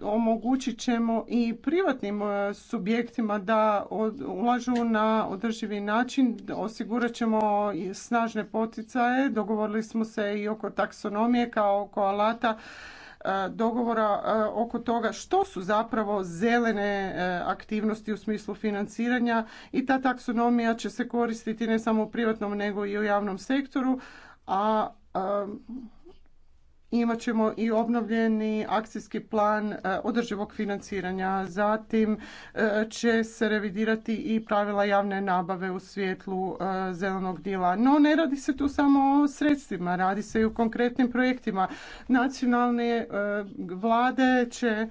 omogućit ćemo i privatnim e, subjektima da ulažu na održivi način, osigurat ćemo snažne poticaje, dogovorili smo se i oko taksonomije kao oko alata e, dogovora e, oko toga što su zapravo zelene aktivnosti u smislu financiranja i ta taksonomija će se koristiti ne samo u privatnom nego i u javnom sektoru, a imat ćemo i obnovljeni akcijski plan e, održivog financiranja. Zatim e, će se revidirati i pravila javne nabave u svjetlu e, zelenog dila. No ne radi se tu samo o sredstvima, radi se i o konkretnim projektima. Nacionalne vlade će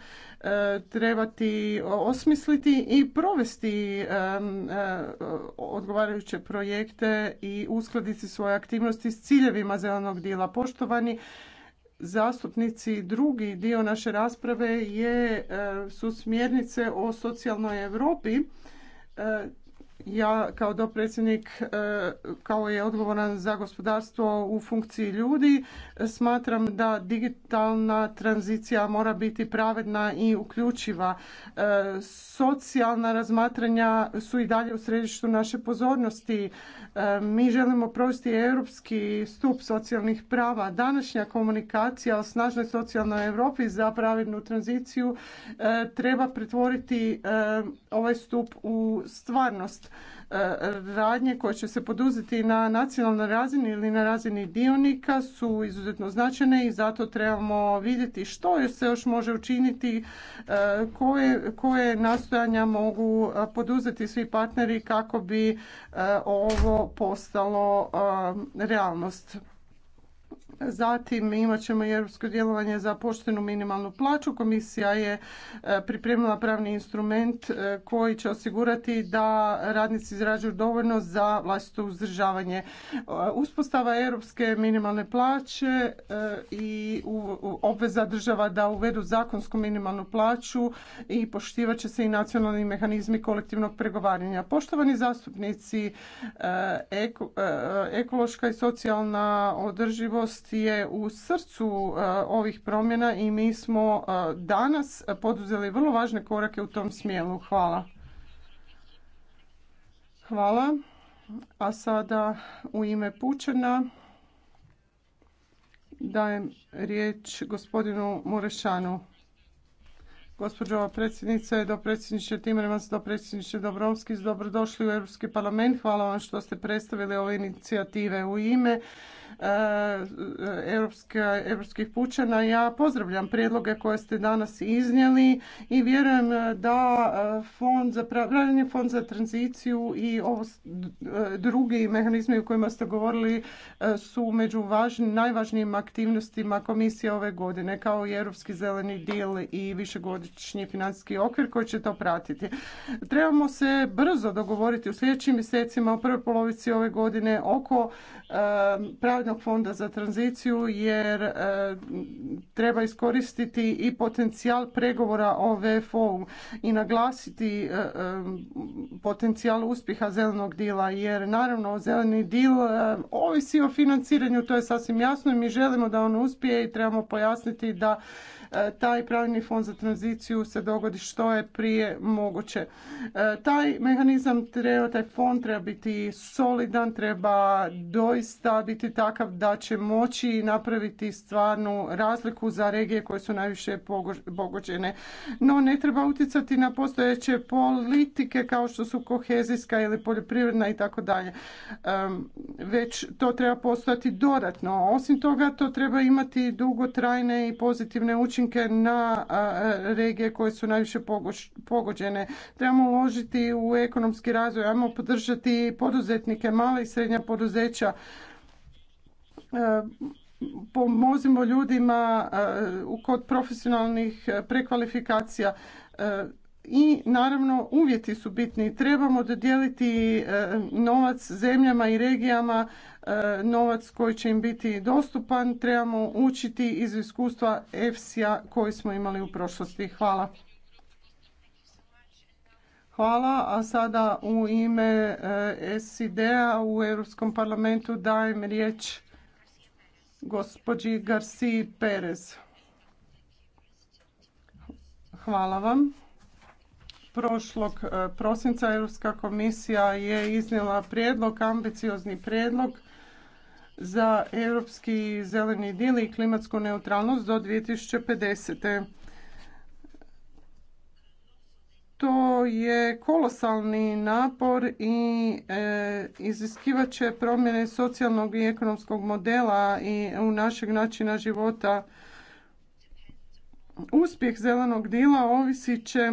trebati osmisliti i provesti odgovarajuće projekte i uskladiti svoje aktivnosti s ciljevima zelenog dila. Poštovani zastupnici, drugi dio naše rasprave je, e, su smjernice o socijalnoj Europi e, ja kao dopredsjednik e, kao je odgovoran za gospodarstvo u funkciji ljudi smatram da digitalna tranzicija mora biti pravedna i uključiva. E, socijalna razmatranja su i dalje u središtu naše pozornosti. E, mi želimo provesti europski stup socijalnih prava. Današnja komunikacija o snažnoj socijalnoj Europi za pravednu tranziciju treba pretvoriti ovaj stup u stvarnost E, e, radnje koje će se poduzeti na nacionalnoj razini ili na razini dionika su izuzetno značajne i zato trebamo vidjeti što se još može učiniti, e, koje, koje nastojanja mogu poduzeti svi partneri kako bi ovo postalo realnost. Zatim imat ćemo i europsko djelovanje za poštenu minimalnu plaću. Komisija je e, pripremila pravni instrument e, koji će osigurati da radnici izrađuju dovoljno za vlastito uzdržavanje. E, uspostava europske minimalne plaće i obveza država da uvedu zakonsku minimalnu plaću i poštivat će se i nacionalni mehanizmi kolektivnog pregovaranja. Poštovani zastupnici, ekološka i socijalna održivost je u srcu e, ovih promjena i mi smo e, danas poduzeli vrlo važne korake u tom smjelu. Hvala. Hvala. A sada u ime Pučana dajem riječ gospodinu Murešanu. Gospođo predsjednice, dopredsjedniče do predsjedniče Dobrovskis, dobrodošli u Europski parlament. Hvala vam što ste predstavili ove inicijative u ime E, europskih pučana. Ja pozdravljam prijedloge koje ste danas iznijeli i vjerujem da e, fond za fond za tranziciju i e, drugi mehanizmi o kojima ste govorili su među najvažnijim aktivnostima komisije ove godine kao i europski zeleni dil i višegodišnji financijski okvir koji će to pratiti. Trebamo se brzo dogovoriti u sljedećim mjesecima u prvoj polovici ove godine oko Međunarodnog fonda za tranziciju jer e, treba iskoristiti i potencijal pregovora o VFO-u i naglasiti e, e, potencijal uspjeha zelenog dila jer naravno zeleni dil ovisi o financiranju, to je sasvim jasno i mi želimo da on uspije i trebamo pojasniti da taj pravilni fond za tranziciju se dogodi što je prije moguće. E, taj mehanizam, treba, taj fond treba biti solidan, treba doista biti takav da će moći napraviti stvarnu razliku za regije koje su najviše pogođene. No ne treba utjecati na postojeće politike kao što su kohezijska ili poljoprivredna i tako dalje. Već to treba postojati dodatno. Osim toga, to treba imati dugotrajne i pozitivne učinke učinke na regije koje su najviše pogođene. Trebamo uložiti u ekonomski razvoj, ajmo podržati poduzetnike, mala i srednja poduzeća e, pomozimo ljudima e, kod profesionalnih e, prekvalifikacija i naravno uvjeti su bitni. Trebamo dodijeliti novac zemljama i regijama E, novac koji će im biti dostupan. Trebamo učiti iz iskustva EFSI-a koji smo imali u prošlosti. Hvala. Hvala, a sada u ime e, SID-a u Europskom parlamentu dajem riječ gospođi Garci Perez. Hvala vam. Prošlog e, prosinca Europska komisija je iznijela prijedlog, ambiciozni prijedlog za europski zeleni dil i klimatsku neutralnost do 2050. To je kolosalni napor i e, iziskivat će promjene socijalnog i ekonomskog modela i u našeg načina života. Uspjeh zelenog dila ovisit će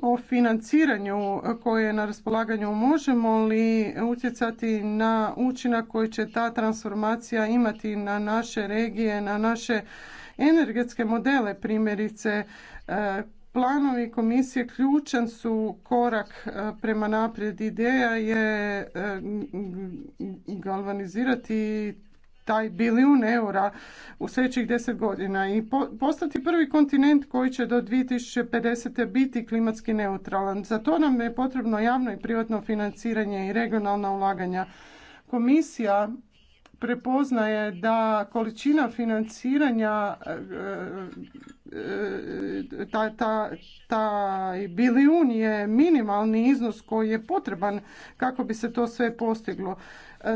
o financiranju koje je na raspolaganju možemo li utjecati na učinak koji će ta transformacija imati na naše regije, na naše energetske modele primjerice e, planovi komisije ključan su korak e, prema naprijed. Ideja je e, galvanizirati taj bilijun eura u sljedećih deset godina i postati prvi kontinent koji će do 2050. biti klimatski neutralan. Za to nam je potrebno javno i privatno financiranje i regionalna ulaganja. Komisija prepoznaje da količina financiranja taj e, e, ta, ta bilijun je minimalni iznos koji je potreban kako bi se to sve postiglo.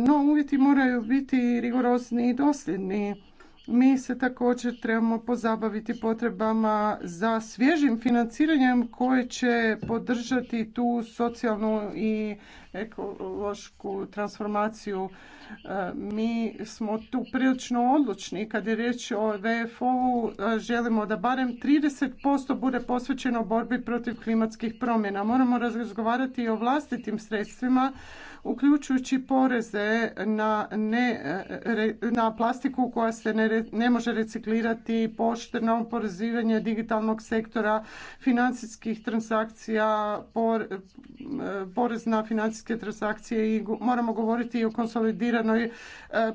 No, uvjeti moraju biti rigorozni i dosljedni. Mi se također trebamo pozabaviti potrebama za svježim financiranjem koje će podržati tu socijalnu i ekološku transformaciju. E, mi smo tu prilično odlučni kad je riječ o VFO-u e, želimo da barem 30% bude posvećeno borbi protiv klimatskih promjena. Moramo razgovarati i o vlastitim sredstvima uključujući poreze na, ne, e, na plastiku koja se ne, može reciklirati, pošteno oporezivanje digitalnog sektora, financijskih transakcija, porez na financijske financijske transakcije i moramo govoriti i o konsolidiranoj e,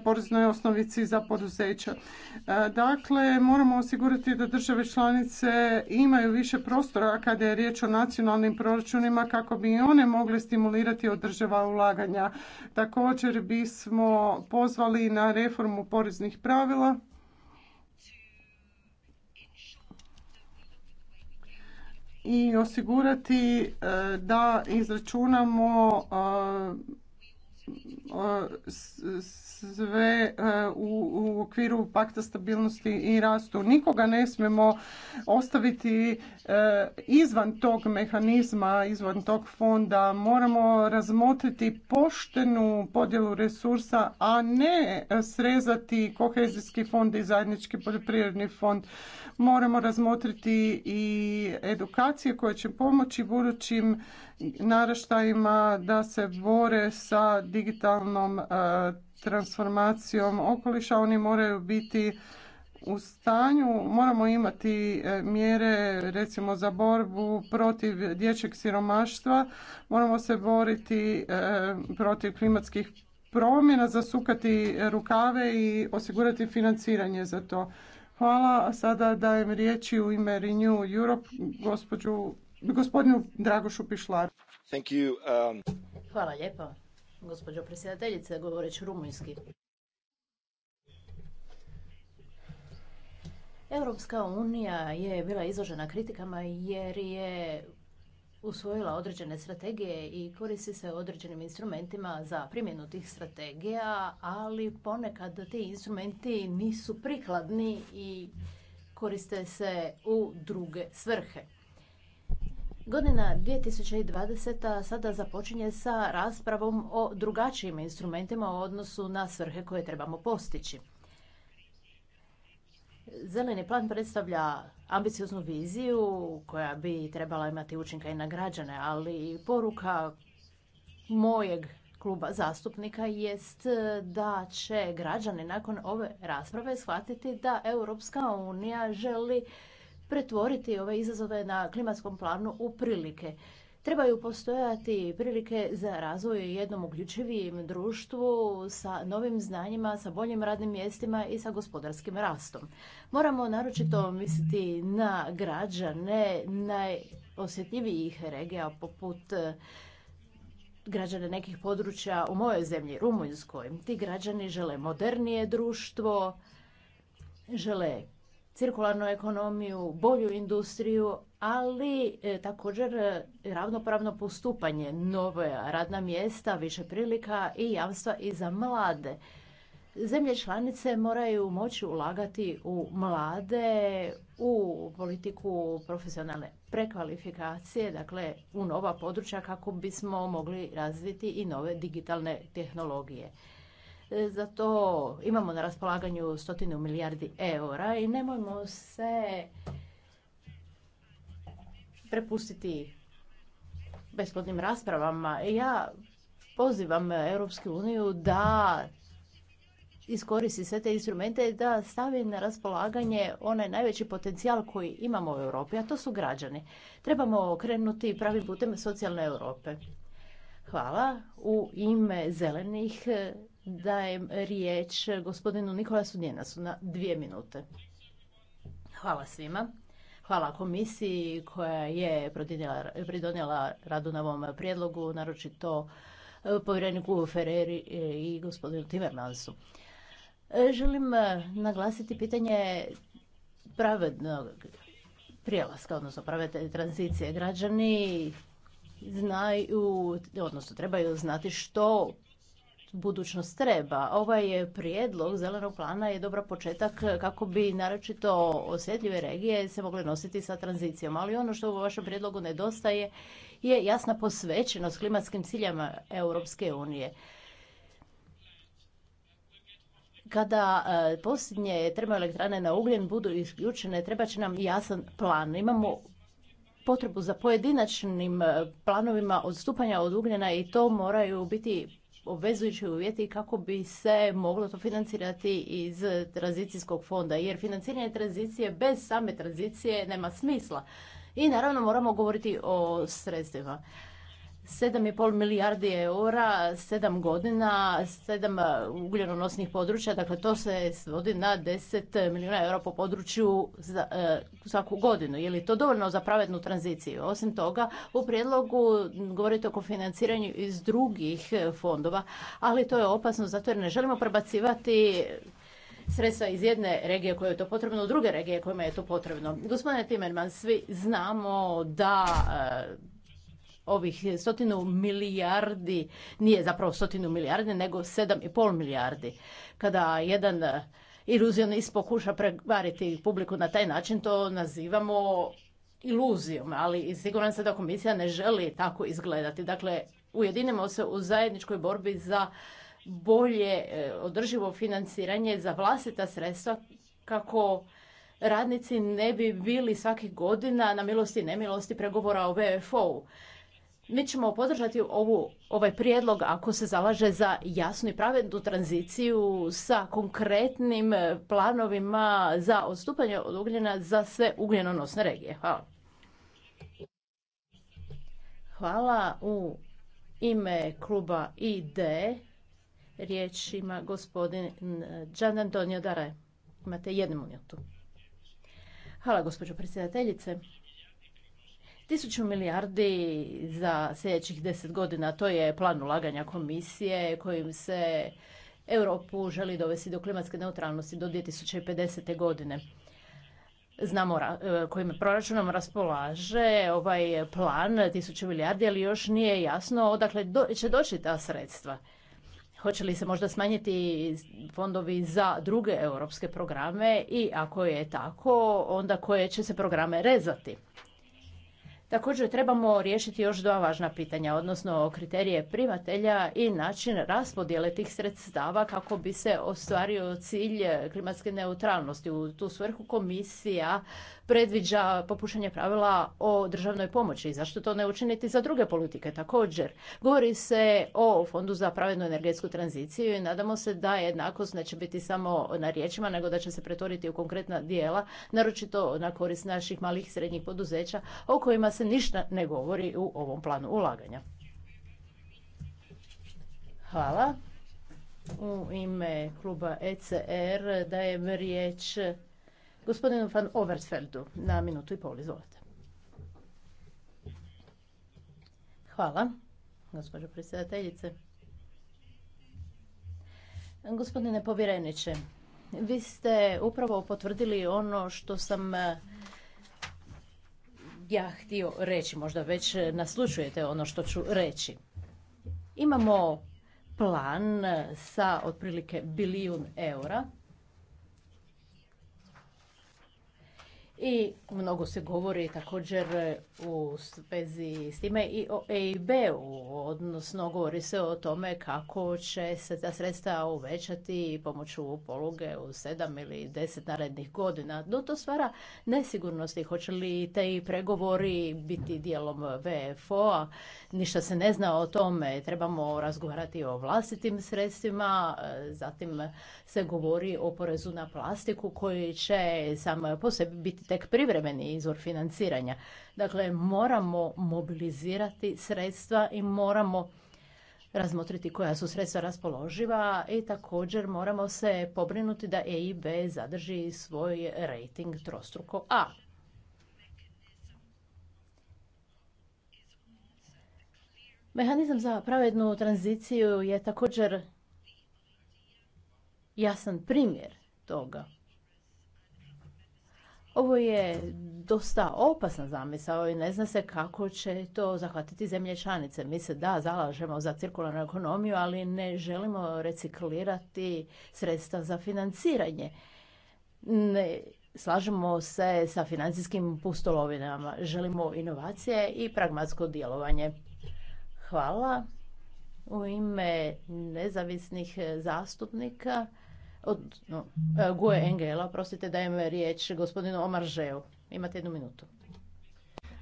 poreznoj osnovici za poduzeća. E, dakle, moramo osigurati da države članice imaju više prostora kada je riječ o nacionalnim proračunima kako bi i one mogle stimulirati održava ulaganja. Također bismo pozvali na reformu poreznih pravila i osigurati e, da izračunamo e, sve u okviru pakta stabilnosti i rastu. Nikoga ne smemo ostaviti e, izvan tog mehanizma, izvan tog fonda. Moramo razmotriti poštenu podjelu resursa, a ne srezati kohezijski fond i zajednički poljoprivredni fond. Moramo razmotriti i edukacije koje će pomoći budućim naraštajima da se bore sa digitalnom e, transformacijom okoliša. Oni moraju biti u stanju, moramo imati e, mjere recimo za borbu protiv dječjeg siromaštva, moramo se boriti e, protiv klimatskih promjena, zasukati rukave i osigurati financiranje za to. Hvala. A sada dajem riječi u ime Renew Europe gospođu gospodinu Dragošu Pišlaru. Um, Hvala lijepa. Gospođo predsjedateljice, govoreći rumunjski. Europska unija je bila izložena kritikama jer je usvojila određene strategije i koristi se određenim instrumentima za primjenu tih strategija, ali ponekad ti instrumenti nisu prikladni i koriste se u druge svrhe. Godina 2020. sada započinje sa raspravom o drugačijim instrumentima u odnosu na svrhe koje trebamo postići. Zeleni plan predstavlja ambicioznu viziju koja bi trebala imati učinka i na građane, ali poruka mojeg kluba zastupnika jest da će građani nakon ove rasprave shvatiti da Europska unija želi pretvoriti ove izazove na klimatskom planu u prilike. Trebaju postojati prilike za razvoj jednom uključivijim društvu sa novim znanjima, sa boljim radnim mjestima i sa gospodarskim rastom. Moramo naročito misliti na građane najosjetljivijih regija poput eh, građane nekih područja u mojoj zemlji, Rumunjskoj. Ti građani žele modernije društvo, žele cirkularnu ekonomiju, bolju industriju, ali e, također e, ravnopravno postupanje, nove radna mjesta, više prilika i jamstva i za mlade. Zemlje članice moraju moći ulagati u mlade, u politiku profesionalne prekvalifikacije, dakle u nova područja kako bismo mogli razviti i nove digitalne tehnologije. E, za to imamo na raspolaganju stotinu milijardi eura i nemojmo se prepustiti besplodnim raspravama. Ja pozivam Europsku uniju da iskoristi sve te instrumente da stavi na raspolaganje onaj najveći potencijal koji imamo u Europi, a to su građani. Trebamo krenuti pravim putem socijalne Europe. Hvala. U ime zelenih dajem riječ gospodinu Nikolasu Njenasu na dvije minute. Hvala svima. Hvala komisiji koja je pridonijela radu na ovom prijedlogu, naročito e, povjereniku Ferreri i gospodinu Timmermansu. E, želim e, naglasiti pitanje pravednog prijelaska, odnosno pravedne tranzicije. Građani znaju, odnosno trebaju znati što budućnost treba. Ovaj prijedlog zelenog plana je dobar početak kako bi naročito osjetljive regije se mogle nositi sa tranzicijom. Ali ono što u vašem prijedlogu nedostaje je jasna posvećenost klimatskim ciljama Europske unije. Kada e, posljednje termoelektrane na ugljen budu isključene, treba će nam jasan plan. Imamo potrebu za pojedinačnim e, planovima odstupanja od ugljena i to moraju biti obvezujući uvjeti kako bi se moglo to financirati iz tranzicijskog fonda. Jer financiranje tranzicije bez same tranzicije nema smisla. I naravno moramo govoriti o sredstvima. 7,5 milijardi eura, 7 godina, 7 e, ugljenonosnih područja, dakle to se svodi na 10 milijuna eura po području za, e, svaku godinu. Je li to dovoljno za pravednu tranziciju? Osim toga, u prijedlogu govorite o kofinanciranju iz drugih fondova, ali to je opasno zato jer ne želimo prebacivati sredstva iz jedne regije koje je to potrebno u druge regije kojima je to potrebno. Gospodine Timerman, svi znamo da e, ovih stotinu milijardi, nije zapravo stotinu milijardi, nego sedam i pol milijardi. Kada jedan eh, iluzionist pokuša prevariti publiku na taj način, to nazivamo iluzijom, ali siguran sam da komisija ne želi tako izgledati. Dakle, ujedinimo se u zajedničkoj borbi za bolje eh, održivo financiranje za vlastita sredstva kako radnici ne bi bili svakih godina na milosti i nemilosti pregovora o VFO-u. Mi ćemo podržati ovu, ovaj prijedlog ako se zalaže za jasnu i pravednu tranziciju sa konkretnim e, planovima za odstupanje od ugljena za sve ugljenonosne regije. Hvala. Hvala u ime kluba ID. Riječ ima gospodin e, Gian Antonio Dare. Imate jednu minutu. Hvala gospođo predsjedateljice. Tisuću milijardi za sljedećih deset godina, to je plan ulaganja komisije kojim se Europu želi dovesti do klimatske neutralnosti do 2050. godine. Znamo e, kojim proračunom raspolaže ovaj plan tisuću milijardi, ali još nije jasno odakle će doći ta sredstva. Hoće li se možda smanjiti fondovi za druge europske programe i ako je tako, onda koje će se programe rezati? Također trebamo riješiti još dva važna pitanja, odnosno kriterije primatelja i način raspodjele tih sredstava kako bi se ostvario cilj klimatske neutralnosti. U tu svrhu komisija predviđa popušanje pravila o državnoj pomoći. Zašto to ne učiniti za druge politike također? Govori se o Fondu za pravednu energetsku tranziciju i nadamo se da jednakost neće biti samo na riječima, nego da će se pretvoriti u konkretna dijela, naročito na korist naših malih i srednjih poduzeća o kojima se ništa ne govori u ovom planu ulaganja. Hvala. U ime kluba ECR dajem riječ gospodinu Van Oversfeldu na minutu i pol. Izvolite. Hvala, gospođo predsjedateljice. Gospodine povjereniče, vi ste upravo potvrdili ono što sam ja htio reći, možda već e, naslučujete ono što ću reći. Imamo plan e, sa otprilike bilijun eura I mnogo se govori također u vezi s time i o EIB-u, odnosno govori se o tome kako će se ta sredstva uvećati pomoću poluge u sedam ili deset narednih godina. No to stvara nesigurnosti. Hoće li te pregovori biti dijelom VFO-a? Ništa se ne zna o tome. Trebamo razgovarati o vlastitim sredstvima. Zatim se govori o porezu na plastiku koji će sam po sebi biti tek privremeni izvor financiranja. Dakle, moramo mobilizirati sredstva i moramo razmotriti koja su sredstva raspoloživa i također moramo se pobrinuti da EIB zadrži svoj rating trostruko A. Mehanizam za pravednu tranziciju je također jasan primjer toga. Ovo je dosta opasna zamisao i ne zna se kako će to zahvatiti zemlje članice. Mi se da zalažemo za cirkularnu ekonomiju, ali ne želimo reciklirati sredstva za financiranje. Ne, slažemo se sa financijskim pustolovinama. Želimo inovacije i pragmatsko djelovanje. Hvala. U ime nezavisnih zastupnika od no, e, Engela, prostite dajem riječ gospodinu Žeu. Imate jednu minutu.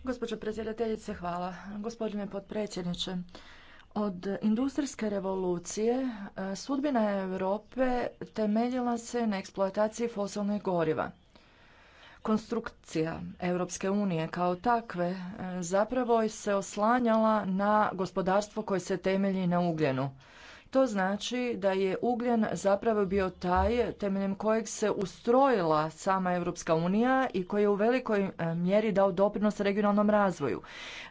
Gospođo predsjedateljice, hvala. Gospodine potpredsjedniče, od industrijske revolucije e, sudbina Europe temeljila se na eksploataciji fosilnih goriva. Konstrukcija Europske unije kao takve e, zapravo se oslanjala na gospodarstvo koje se temelji na ugljenu. To znači da je ugljen zapravo bio taj temeljem kojeg se ustrojila sama Europska unija i koji je u velikoj e, mjeri dao doprinos regionalnom razvoju.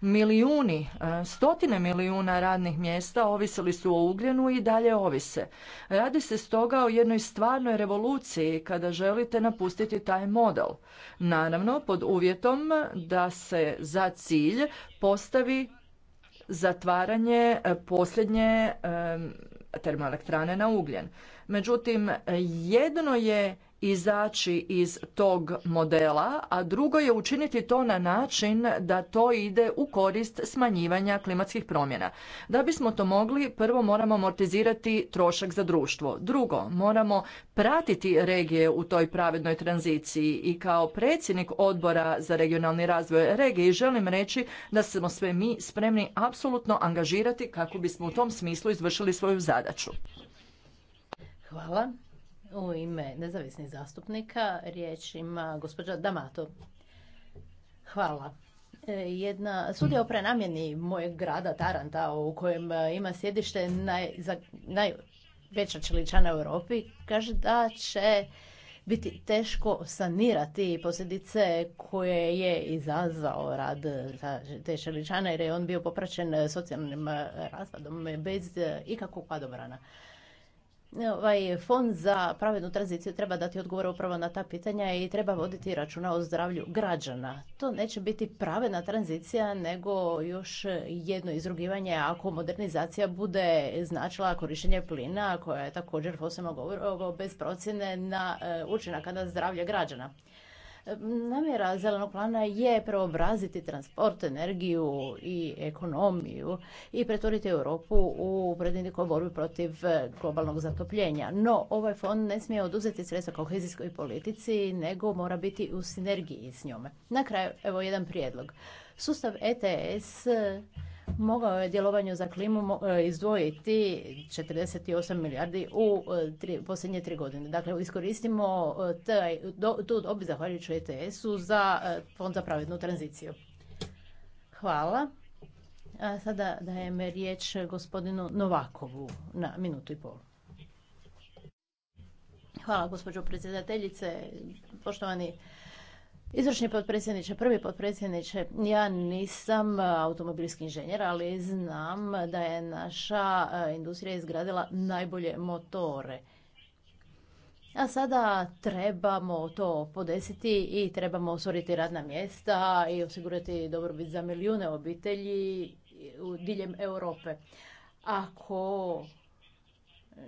Milijuni, e, stotine milijuna radnih mjesta ovisili su o ugljenu i dalje ovise. Radi se stoga o jednoj stvarnoj revoluciji kada želite napustiti taj model. Naravno, pod uvjetom da se za cilj postavi zatvaranje e, posljednje e, termoelektrane na ugljen. Međutim, jedno je izaći iz tog modela, a drugo je učiniti to na način da to ide u korist smanjivanja klimatskih promjena. Da bismo to mogli, prvo moramo amortizirati trošak za društvo. Drugo, moramo pratiti regije u toj pravednoj tranziciji i kao predsjednik odbora za regionalni razvoj regije želim reći da smo sve mi spremni apsolutno angažirati kako bismo u tom smislu izvršili svoju zadaću. Hvala. U ime nezavisnih zastupnika riječ ima gospođa Damato. Hvala. E, jedna sudija o prenamjeni mojeg grada Taranta u kojem e, ima sjedište najveća čeličana u Europi kaže da će biti teško sanirati posljedice koje je izazvao rad te čeličane jer je on bio popraćen socijalnim e, raspadom bez ikakvog padobrana. Ovaj fond za pravednu tranziciju treba dati odgovor upravo na ta pitanja i treba voditi računa o zdravlju građana. To neće biti pravedna tranzicija nego još jedno izrugivanje ako modernizacija bude značila korištenje plina koja je također fosilno govorilo bez procjene na e, učinaka na zdravlje građana. Namjera zelenog plana je preobraziti transport, energiju i ekonomiju i pretvoriti Europu u prednjedniku borbi protiv globalnog zatopljenja. No, ovaj fond ne smije oduzeti sredstva kohezijskoj politici, nego mora biti u sinergiji s njome. Na kraju, evo jedan prijedlog. Sustav ETS mogao je djelovanju za klimu e, izdvojiti 48 milijardi u e, posljednje tri godine. Dakle, iskoristimo e, tu dobi zahvaljujući ETS-u za Fond za pravednu tranziciju. Hvala. A sada dajem riječ gospodinu Novakovu na minutu i pol. Hvala gospođo predsjedateljice, poštovani Izvršni potpredsjedniče, prvi potpredsjedniče, ja nisam e, automobilski inženjer, ali znam da je naša e, industrija izgradila najbolje motore. A sada trebamo to podesiti i trebamo osvoriti radna mjesta i osigurati dobrobit za milijune obitelji u diljem Europe. Ako e,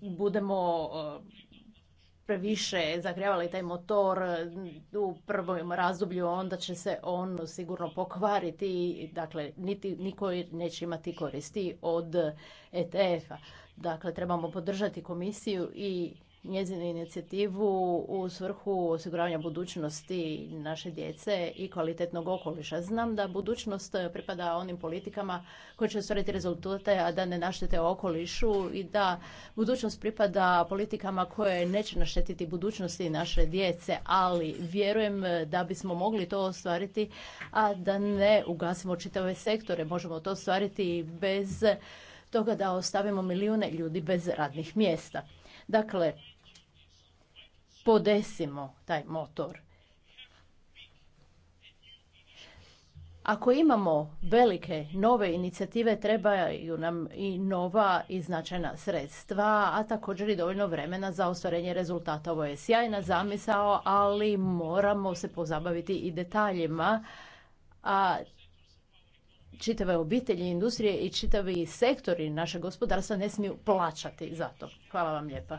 budemo previše zagrijavali taj motor mm, u prvom razdoblju, onda će se on sigurno pokvariti, dakle niti, niko neće imati koristi od ETF-a. Dakle, trebamo podržati komisiju i njezinu inicijativu u svrhu osiguravanja budućnosti naše djece i kvalitetnog okoliša. Znam da budućnost pripada onim politikama koje će ostvariti rezultate, a da ne naštete okolišu i da budućnost pripada politikama koje neće naštetiti budućnosti naše djece, ali vjerujem da bismo mogli to ostvariti, a da ne ugasimo čitave sektore. Možemo to ostvariti bez toga da ostavimo milijune ljudi bez radnih mjesta. Dakle, podesimo taj motor. Ako imamo velike nove inicijative, trebaju nam i nova i značajna sredstva, a također i dovoljno vremena za ostvarenje rezultata. Ovo je sjajna zamisao, ali moramo se pozabaviti i detaljima. A čitave obitelji, industrije i čitavi sektori našeg gospodarstva ne smiju plaćati za to. Hvala vam lijepa.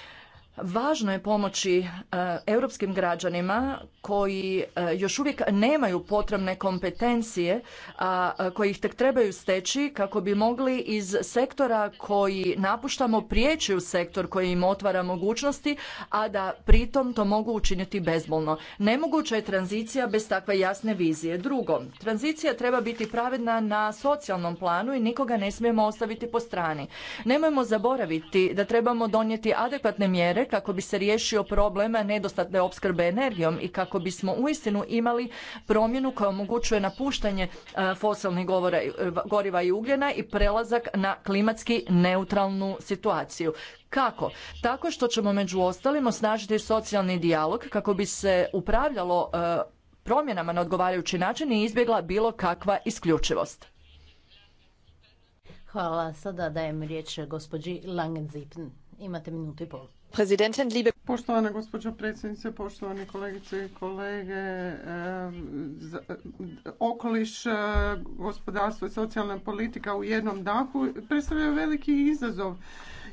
Važno je pomoći e, europskim građanima koji e, još uvijek nemaju potrebne kompetencije, a, koji ih tek trebaju steći kako bi mogli iz sektora koji napuštamo prijeći u sektor koji im otvara mogućnosti, a da pritom to mogu učiniti bezbolno. Nemoguća je tranzicija bez takve jasne vizije. Drugo, tranzicija treba biti pravedna na socijalnom planu i nikoga ne smijemo ostaviti po strani. Nemojmo zaboraviti da trebamo donijeti adekvatne mjere kako bi se riješio problem nedostatne opskrbe energijom i kako bismo uistinu imali promjenu koja omogućuje napuštanje e, fosilnih e, goriva i ugljena i prelazak na klimatski neutralnu situaciju. Kako? Tako što ćemo među ostalim osnažiti socijalni dijalog kako bi se upravljalo e, promjenama na odgovarajući način i izbjegla bilo kakva isključivost. Hvala. Sada dajem riječ gospođi Langenzipn. Imate minutu i Poštovana gospođo predsjednice, poštovani kolegice i kolege, okoliš, e, gospodarstvo i socijalna politika u jednom dahu predstavljaju veliki izazov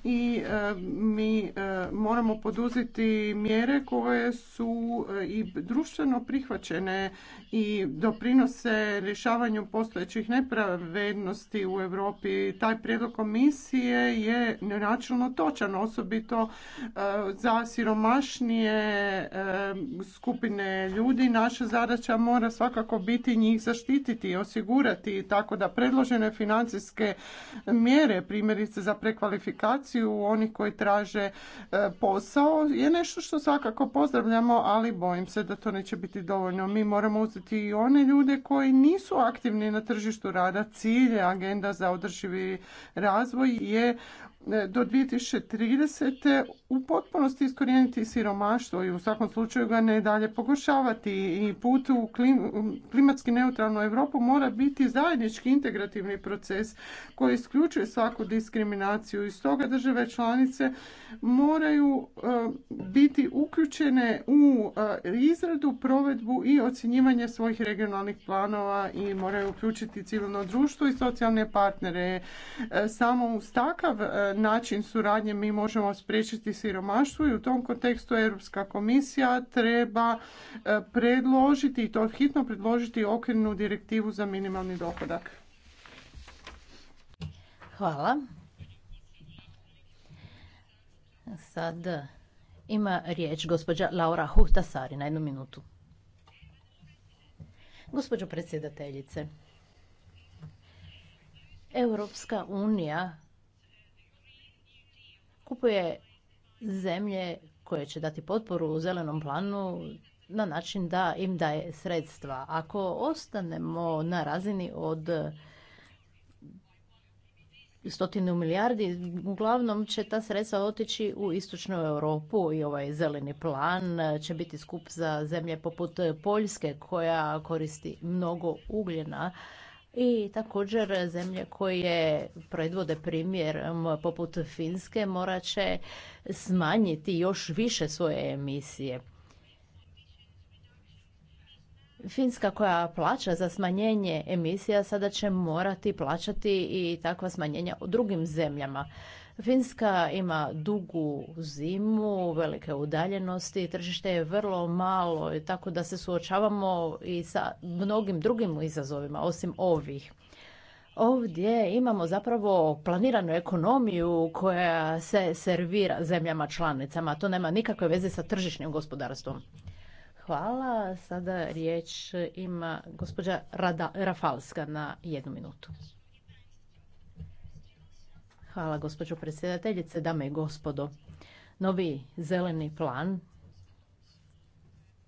i e, mi e, moramo poduzeti mjere koje su e, i društveno prihvaćene i doprinose rješavanju postojećih nepravednosti u Europi. Taj prijedlog komisije je načelno točan, osobito za siromašnije skupine ljudi. Naša zadaća mora svakako biti njih zaštititi i osigurati tako da predložene financijske mjere, primjerice za prekvalifikaciju, u onih koji traže e, posao je nešto što svakako pozdravljamo, ali bojim se da to neće biti dovoljno. Mi moramo uzeti i one ljude koji nisu aktivni na tržištu rada. Cilj agenda za održivi razvoj je E, do 2030. u potpunosti iskorijeniti siromaštvo i u svakom slučaju ga ne dalje pogoršavati. I put u klimatski neutralnu Europu mora biti zajednički integrativni proces koji isključuje svaku diskriminaciju. I stoga države članice moraju e, biti uključene u e, izradu, provedbu i ocjenjivanje svojih regionalnih planova i moraju uključiti civilno društvo i socijalne partnere. Samo uz takav način suradnje mi možemo spriječiti siromaštvo i u tom kontekstu Europska komisija treba e, predložiti i to hitno predložiti okvirnu direktivu za minimalni dohodak. Hvala. Sad ima riječ gospođa Laura Huhtasari na jednu minutu. Gospođo predsjedateljice, Europska unija kupuje zemlje koje će dati potporu u zelenom planu na način da im daje sredstva. Ako ostanemo na razini od stotinu milijardi, uglavnom će ta sredstva otići u istočnu Europu i ovaj zeleni plan će biti skup za zemlje poput Poljske koja koristi mnogo ugljena i također zemlje koje predvode primjer poput Finske morat će smanjiti još više svoje emisije. Finska koja plaća za smanjenje emisija sada će morati plaćati i takva smanjenja u drugim zemljama. Finska ima dugu zimu, velike udaljenosti, tržište je vrlo malo, tako da se suočavamo i sa mnogim drugim izazovima, osim ovih. Ovdje imamo zapravo planiranu ekonomiju koja se servira zemljama članicama. To nema nikakve veze sa tržišnim gospodarstvom. Hvala. Sada riječ ima gospođa Rafalska na jednu minutu. Hvala gospođo predsjedateljice, dame i gospodo. Novi zeleni plan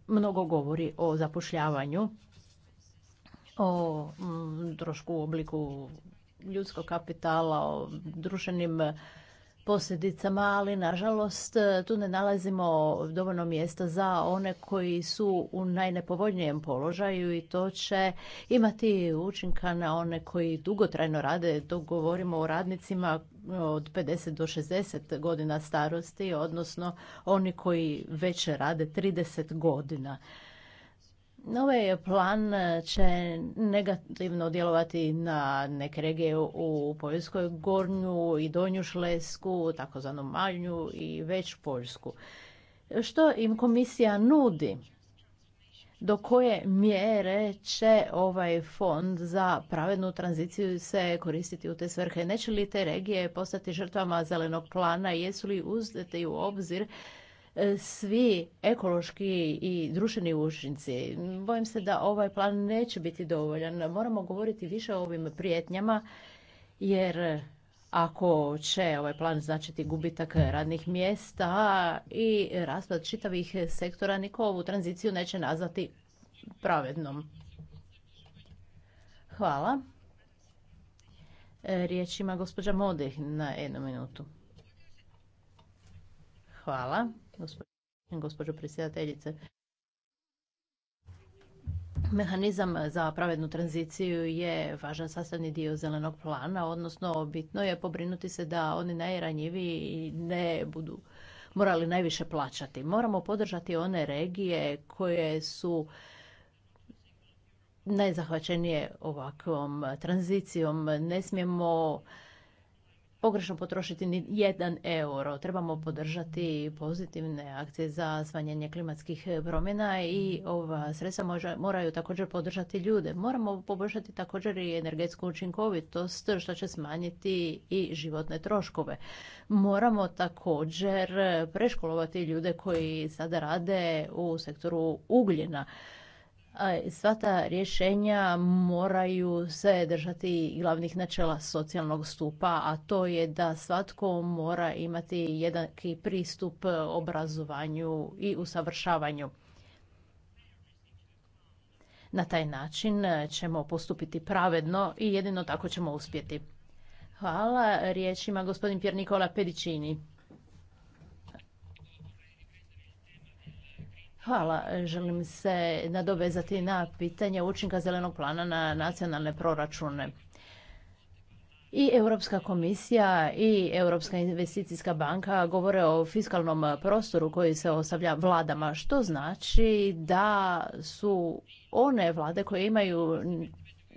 mnogo govori o zapošljavanju, o mm, trošku u obliku ljudskog kapitala, o društvenim posljedicama, ali nažalost e, tu ne nalazimo dovoljno mjesta za one koji su u najnepovoljnijem položaju i to će imati učinka na one koji dugotrajno rade. To govorimo o radnicima od 50 do 60 godina starosti, odnosno oni koji već rade 30 godina. Ovaj plan će negativno djelovati na neke regije u Poljskoj, Gornju i Donju Šlesku, takozvanu Malju i već Poljsku. Što im komisija nudi? do koje mjere će ovaj fond za pravednu tranziciju se koristiti u te svrhe? Neće li te regije postati žrtvama zelenog plana? Jesu li uzeti u obzir e, svi ekološki i društveni učinci? Bojim se da ovaj plan neće biti dovoljan. Moramo govoriti više o ovim prijetnjama jer ako će ovaj plan značiti gubitak radnih mjesta i raspad čitavih sektora, niko ovu tranziciju neće nazvati pravednom. Hvala. Riječ ima gospođa Modih na jednu minutu. Hvala, gospođo predsjedateljice. Mehanizam za pravednu tranziciju je važan sastavni dio zelenog plana, odnosno bitno je pobrinuti se da oni najranjiviji ne budu morali najviše plaćati. Moramo podržati one regije koje su najzahvaćenije ovakvom tranzicijom. Ne smijemo pogrešno potrošiti ni jedan euro. Trebamo podržati pozitivne akcije za smanjenje klimatskih promjena i ova sredstva moraju također podržati ljude. Moramo poboljšati također i energetsku učinkovitost što će smanjiti i životne troškove. Moramo također preškolovati ljude koji sada rade u sektoru ugljena. Sva ta rješenja moraju se držati glavnih načela socijalnog stupa, a to je da svatko mora imati jednaki pristup obrazovanju i usavršavanju. Na taj način ćemo postupiti pravedno i jedino tako ćemo uspjeti. Hvala. Riječ ima gospodin Pjernikola Pedicini. Hvala. Želim se nadovezati na pitanje učinka zelenog plana na nacionalne proračune. I Europska komisija i Europska investicijska banka govore o fiskalnom prostoru koji se ostavlja vladama, što znači da su one vlade koje imaju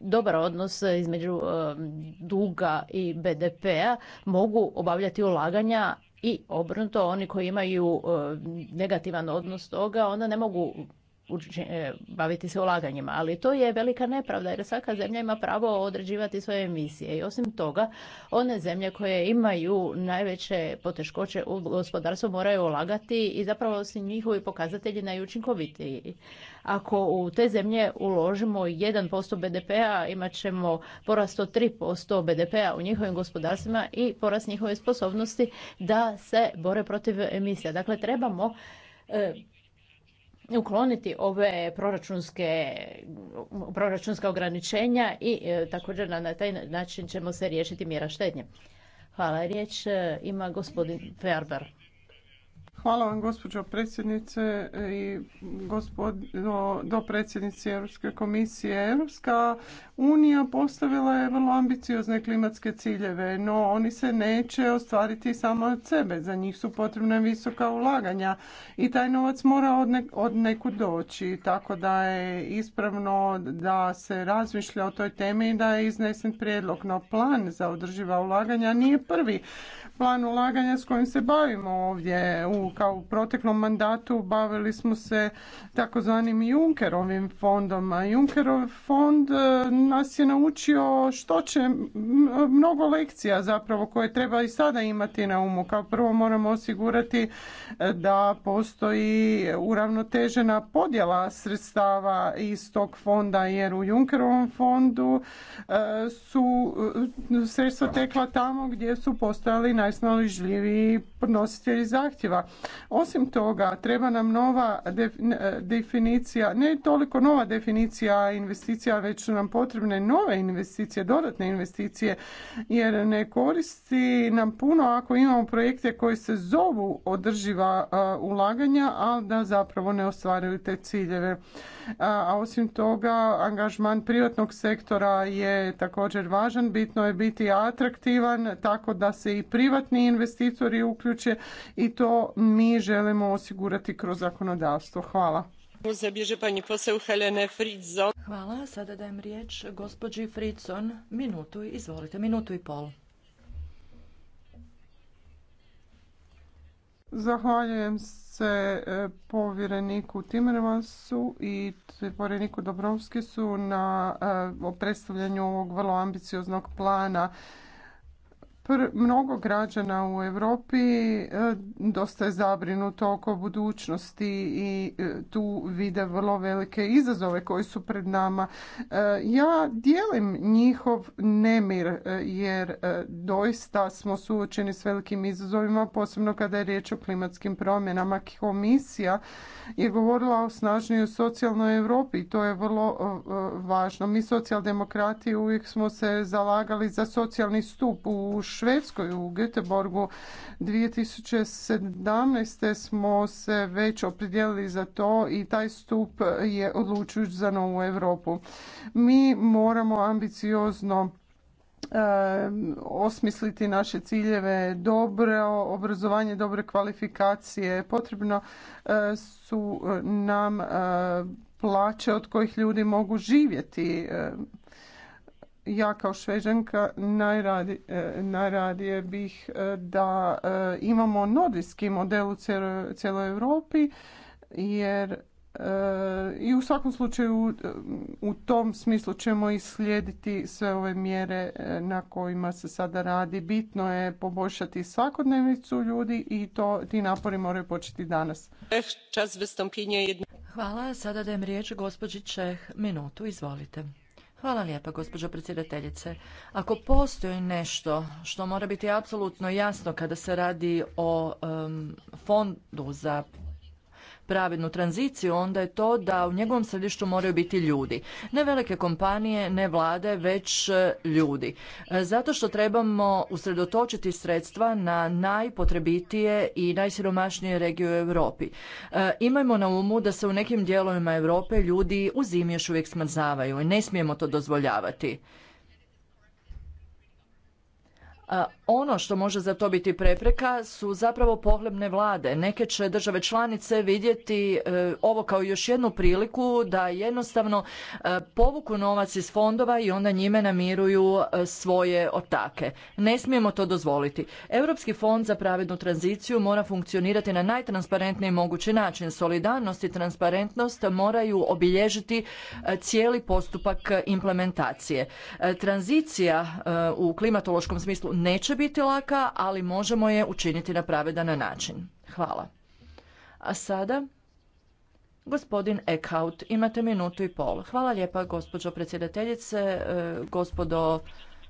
dobar odnos između eh, duga i BDP-a mogu obavljati ulaganja i obrnuto, oni koji imaju e, negativan odnos toga, onda ne mogu E, baviti se ulaganjima. Ali to je velika nepravda jer svaka zemlja ima pravo određivati svoje emisije. I osim toga, one zemlje koje imaju najveće poteškoće u gospodarstvu moraju ulagati i zapravo su njihovi pokazatelji najučinkovitiji. Ako u te zemlje uložimo 1% BDP-a, imat ćemo porast od 3% BDP-a u njihovim gospodarstvima i porast njihove sposobnosti da se bore protiv emisija. Dakle, trebamo e, ukloniti ove proračunske, proračunska ograničenja i e, također na taj način ćemo se riješiti mjera štednje. Hvala. Riječ e, ima gospodin Ferber. Hvala vam gospođo predsjednice i gospodo dopredsjednici Europske komisije. Europska unija postavila je vrlo ambiciozne klimatske ciljeve, no oni se neće ostvariti samo od sebe. Za njih su potrebna visoka ulaganja i taj novac mora od neku doći. Tako da je ispravno da se razmišlja o toj temi i da je iznesen prijedlog. No plan za održiva ulaganja nije prvi plan ulaganja s kojim se bavimo ovdje u kao u proteklom mandatu bavili smo se takozvanim Junkerovim fondom, a Junkerov fond e, nas je naučio što će mnogo lekcija zapravo koje treba i sada imati na umu. Kao prvo moramo osigurati e, da postoji uravnotežena podjela sredstava iz tog fonda jer u Junkerovom fondu e, su sredstva tekla tamo gdje su postojali najsnaližljiviji podnositelji zahtjeva. Osim toga, treba nam nova e, definicija, ne toliko nova definicija investicija, već su nam potrebne nove investicije, dodatne investicije, jer ne koristi nam puno ako imamo projekte koji se zovu održiva e, ulaganja, ali da zapravo ne ostvaruju te ciljeve. E, a osim toga, angažman privatnog sektora je također važan, bitno je biti atraktivan tako da se i privatni investitori uključe i to mi želimo osigurati kroz zakonodavstvo. Hvala. Hvala. Sada dajem riječ gospođi Fritzon. Minutu, izvolite, minutu i pol. Zahvaljujem se e, povjereniku Timmermansu i povjereniku Dobrovskisu su na e, predstavljanju ovog vrlo ambicioznog plana mnogo građana u Europi e, dosta je zabrinuto oko budućnosti i e, tu vide vrlo velike izazove koji su pred nama. E, ja dijelim njihov nemir jer doista smo suočeni s velikim izazovima, posebno kada je riječ o klimatskim promjenama. Komisija je govorila o snažnijoj socijalnoj Europi i to je vrlo važno. Mi socijaldemokrati uvijek smo se zalagali za socijalni stup u Švedskoj u Göteborgu 2017. smo se već opredijelili za to i taj stup je odlučujuć za novu Europu. Mi moramo ambiciozno osmisliti naše ciljeve, dobro obrazovanje, dobre kvalifikacije. Potrebno eh, su eh, nam eh, plaće od kojih ljudi mogu živjeti ja kao šveđanka najradi, e, najradije bih e, da e, imamo nordijski model u cijeloj Europi jer i u svakom slučaju u tom smislu ćemo i slijediti sve ove mjere na kojima se sada radi. Bitno je poboljšati svakodnevnicu ljudi i to ti napori moraju početi danas. Hvala. Sada dajem riječ gospođi Čeh. Minutu, izvolite. Hvala lijepa, gospođo predsjedateljice. Ako postoji nešto što mora biti apsolutno jasno kada se radi o fondu za pravednu tranziciju, onda je to da u njegovom središtu moraju biti ljudi. Ne velike kompanije, ne vlade, već e, ljudi. E, zato što trebamo usredotočiti sredstva na najpotrebitije i najsiromašnije regije u Europi. E, imajmo na umu da se u nekim dijelovima Europe ljudi u zimi još uvijek smrzavaju i ne smijemo to dozvoljavati ono što može za to biti prepreka su zapravo pohlebne vlade. Neke će države članice vidjeti e, ovo kao još jednu priliku da jednostavno e, povuku novac iz fondova i onda njime namiruju e, svoje otake. Ne smijemo to dozvoliti. Europski fond za pravednu tranziciju mora funkcionirati na najtransparentniji mogući način. Solidarnost i transparentnost moraju obilježiti cijeli postupak implementacije. Tranzicija u klimatološkom smislu neće biti laka, ali možemo je učiniti na pravedan način. Hvala. A sada Gospodin Eckhout, imate minutu i pol. Hvala lijepa, gospođo predsjedateljice, e, gospodo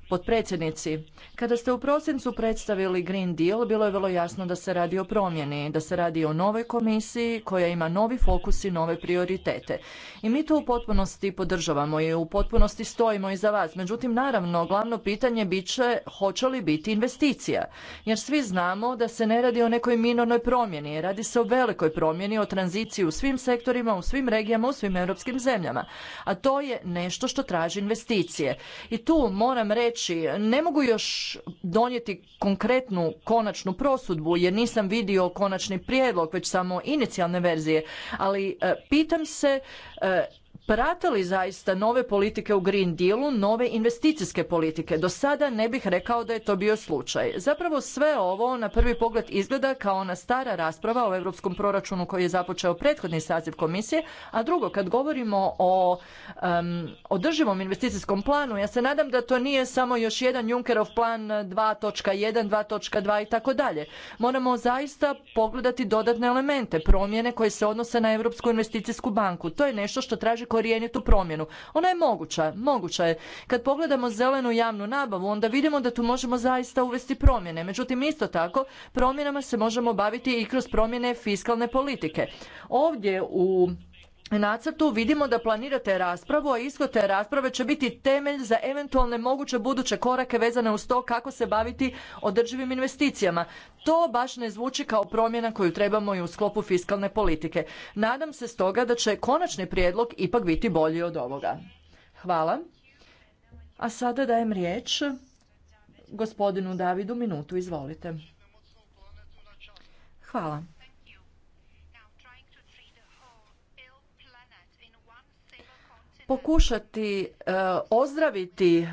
potpredsjednici. Kada ste u prosincu predstavili Green Deal, bilo je vrlo jasno da se radi o promjeni, da se radi o novoj komisiji koja ima novi fokus i nove prioritete. I mi to u potpunosti podržavamo i u potpunosti stojimo iza vas. Međutim, naravno, glavno pitanje bit će hoće li biti investicija. Jer svi znamo da se ne radi o nekoj minornoj promjeni, radi se o velikoj promjeni, o tranziciji u svim sektorima, u svim regijama, u svim europskim zemljama. A to je nešto što traži investicije. I tu moram reći ne mogu još donijeti konkretnu konačnu prosudbu jer nisam vidio konačni prijedlog, već samo inicijalne verzije, ali e, pitam se e, pratili zaista nove politike u Green Dealu, nove investicijske politike. Do sada ne bih rekao da je to bio slučaj. Zapravo sve ovo na prvi pogled izgleda kao ona stara rasprava o europskom proračunu koji je započeo prethodni saziv komisije, a drugo kad govorimo o um, održivom investicijskom planu, ja se nadam da to nije samo još jedan Junckerov plan 2.1, 2.2 i tako dalje. Moramo zaista pogledati dodatne elemente, promjene koje se odnose na Europsku investicijsku banku. To je nešto što traži tu promjenu. Ona je moguća, moguća je. Kad pogledamo zelenu javnu nabavu, onda vidimo da tu možemo zaista uvesti promjene. Međutim, isto tako, promjenama se možemo baviti i kroz promjene fiskalne politike. Ovdje u nacrtu vidimo da planirate raspravu, a ishod te rasprave će biti temelj za eventualne moguće buduće korake vezane uz to kako se baviti održivim investicijama. To baš ne zvuči kao promjena koju trebamo i u sklopu fiskalne politike. Nadam se stoga da će konačni prijedlog ipak biti bolji od ovoga. Hvala. A sada dajem riječ gospodinu Davidu Minutu. Izvolite. Hvala. pokušati e, ozdraviti e,